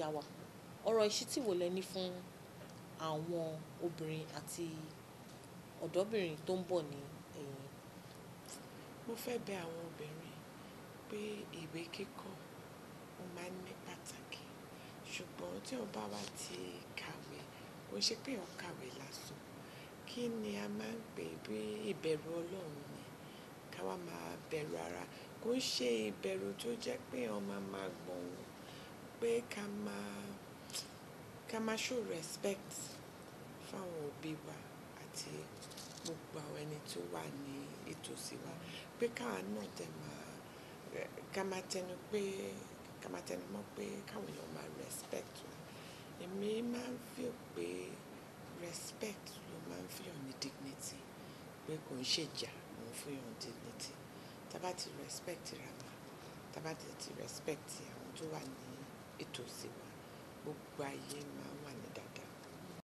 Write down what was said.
ìyá wa, ọ̀rọ̀ ìṣítí wo lẹ ní fún àwọn obìnrin àti ọ̀dọ́bìnrin tó ń bọ̀ ní ẹ̀yìn? Mo fẹ́ bẹ àwọn obìnrin pé ìwé kíkọ́ ó máa ń ní pàtàkì, ṣùgbọ́n tí eyan bá wá ti kàwé, kò ṣe pé eyan kàwé lásán. Kí ni a máa ń pè bí ìbẹ̀rù Ọlọ́run ni? Ká wá máa bẹ̀rù ara. Kò ṣe ìbẹ̀rù tó jẹ́ pé eyan máa ma gbọ̀n pé ká máa ká máa show respect fáwọn òbí wa àti gbogbo àwọn ẹni tó wà ní ìtòsí wa pé káwọn náà tẹ máa ká máa tẹnu pé ká máa tẹnu mọ́ pé káwọn èèyàn máa respect wa èmi máa ń fi pé respect ló máa ń fi hàn ní dignity pé kò ń ṣèjà ló ń fi hàn dignity tá bá ti respect ra wa tá bá ti respect àwọn tó wà ní nítòsí wa gbogbo ayé máa wà ní dáadáa.